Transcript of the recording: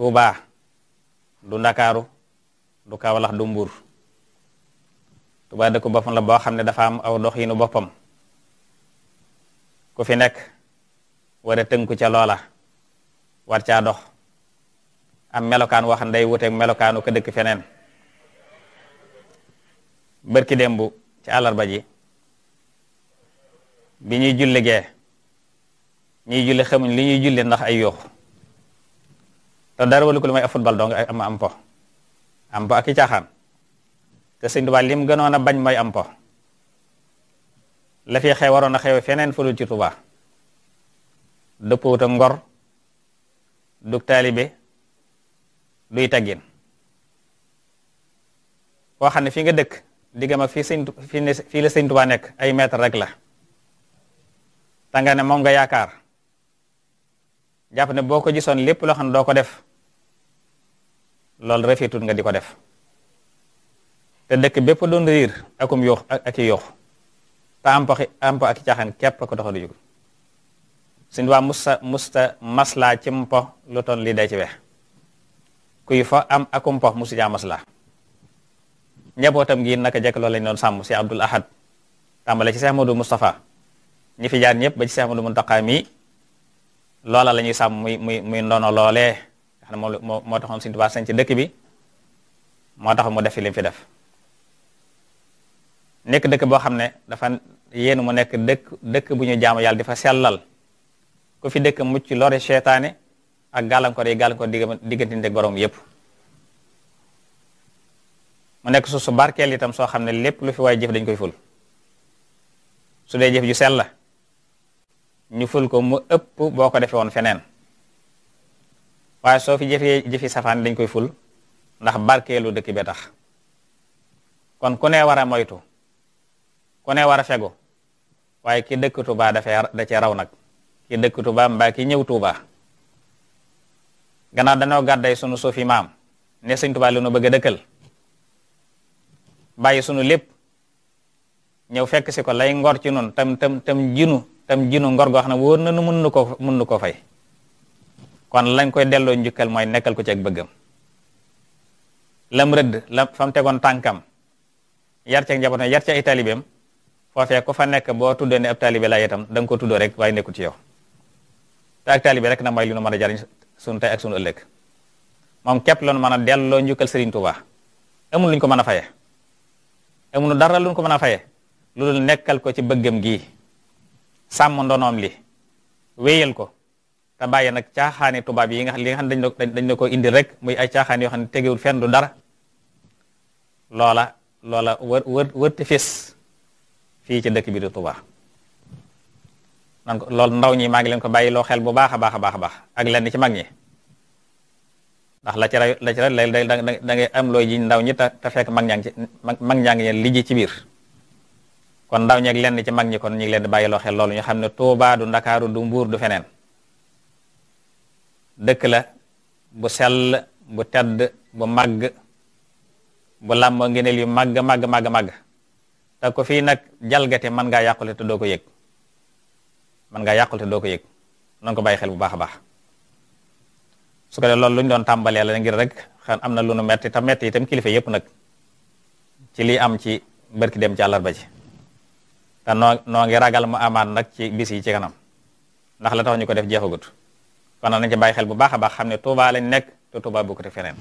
Tuuba du Ndakaaru du Kaolack du Mbuur Tuuba dëkku boppam la boo xam ne dafa am aw doxinu boppam ku fi nekk war a tënku ca loola war caa dox am melokaan wax nday wute melokaanu ko dëkk feneen bërki démb ci àllarba ji bi ñuy julli gee ñuy julli xamuñ li ñuy julli ndax ay yooxu te dara walu ko lu may ab football dong am am po am po ak te sëñ Tuubaa lim gënoon a bañ may am po la fi xew waroon a xew feneen fëlul ci Tuubaa dëppowut ak ngor dug taalibe duy teggin koo xam ne fi nga dëkk diggam ak fii sëñ fii la sëñ Tuubaa nekk ay mètre rek la tanga ne moom nga yaakaar jàpp ne boo ko gisoon lépp loo ne doo ko def loolu rafetul nga di ko def te dëkk bépp doon riir akum yoox ak i yoox te ampa ak caaxaan képp ko taxa du jóg suñ musta musta maslaa ci mpo lu toon lii day ci wex kuy fa am akum mpo musu jaa maslaa njabootam gi naka jekk loolu lañ doon sàmm si Abdul Ahad tàmbale ci Cheikh Modou Moustapha ñi fi jaar ñëpp ba ci Cheikh Modou Mountakha mi loola lañuy sam sàmm muy muy muy ndono loolee xam moo moo taxoon Sëriñ Tuubaa sañ ci dëkk bi moo tax mu def fi li fi def nekk dëkk boo xam ne dafa yéen mu nekk dëkk dëkk bu ñu jaamu yàlla di fa sellal ku fi dëkk mucc lore seytaane ak gàllankoor yi gàllankoor diggante ak borom yépp mu nekk suuf su barkeel itam soo xam ne lépp lu fi waay jëf dañ koy ful su dee jëf ju sell la ñu ful ko mu ëpp boo ko defee woon feneen waaye soo fi jëfee jëfi safaan dañ koy ful ndax barkeelu dëkk be tax kon ku ne war a moytu ku ne war a waaye ki dëkk Tuuba dafay da cee raw nag ki dëkk Tuuba mbaa ki ñëw Tuuba gannaaw dañoo gàdday sunu suufi maam ne sëñ Tuuba li nu bëgg a dëkkal bàyyi sunu lépp ñëw fekk si ko lay ngor ci nun tam tam tam jinu tam jinu ngor goo xam ne wóor na nu mun nu ko mun nu ko fay kon lañ koy delloo njukkal mooy nekkal ko ci ak bëggam lam rëdd la fa tegoon tànkam yar ci ak njabootam yar ci ay taalibeem foofee ku fa nekk boo tuddee ne ab taalibe laa itam da ko tuddoo rek waaye nekku ci yow te ak taalibe rek na mooy lu nu mën a jariñ sunu tey ak sunu ëllëg moom képp la nu mën a delloo njukkal Serigne Touba amul luñ ko mën a faye amul dara luñ ko mën a faye loolu nekkal ko ci bëggam gi sàmm ndonoom li wéyal ko. te bàyyi nag caaxaane tubaab yi nga xam li nga xam dañ dañ la ko indi rek muy ay caaxaan yoo xam ne tegewul fenn du dara loola loola wër wër wërti fis fii ci dëkk bi di Tuubaa nan ko ndaw ñi maa ngi leen ko bàyyi loo xel bu baax a baax a baax a baax ak ci mag ñi ndax la ci ra la ci ra léeg da ngay am looy ji ndaw ñi te fekk mag ñaa ngi ci mag ñaa ngi leen lijji ci biir kon ndaw ñeeg lenn ci mag ñi kon ñu ngi leen di bàyyi xel loolu ñu xam ne Tuubaa du Ndakaaru du Mbuur du feneen dëkk la bu sell bu tedd bu màgg bu làmb ngeneel yu màgg màgg màgg màgg te ko fii nag jalgate mën ngaa yàqule te doo ko yëg mën ngaa yàqule doo ko yëg na bàyyi xel bu baax a baax su ko dee loolu lu ñu doon tàmbalee la ngir rek xan am na lu nu metti te metti kilifa yëpp nag ci lii am ci barki dem ci àllarba ji te noo noo ngi ragal mu amaan nag ci bis yi ci kanam ndax la tax ñu ko def jeexagut kon nañ ci bàyyi xel bu baax a baax xam ne Touba lañ nekk te Touba bokkut ak feneen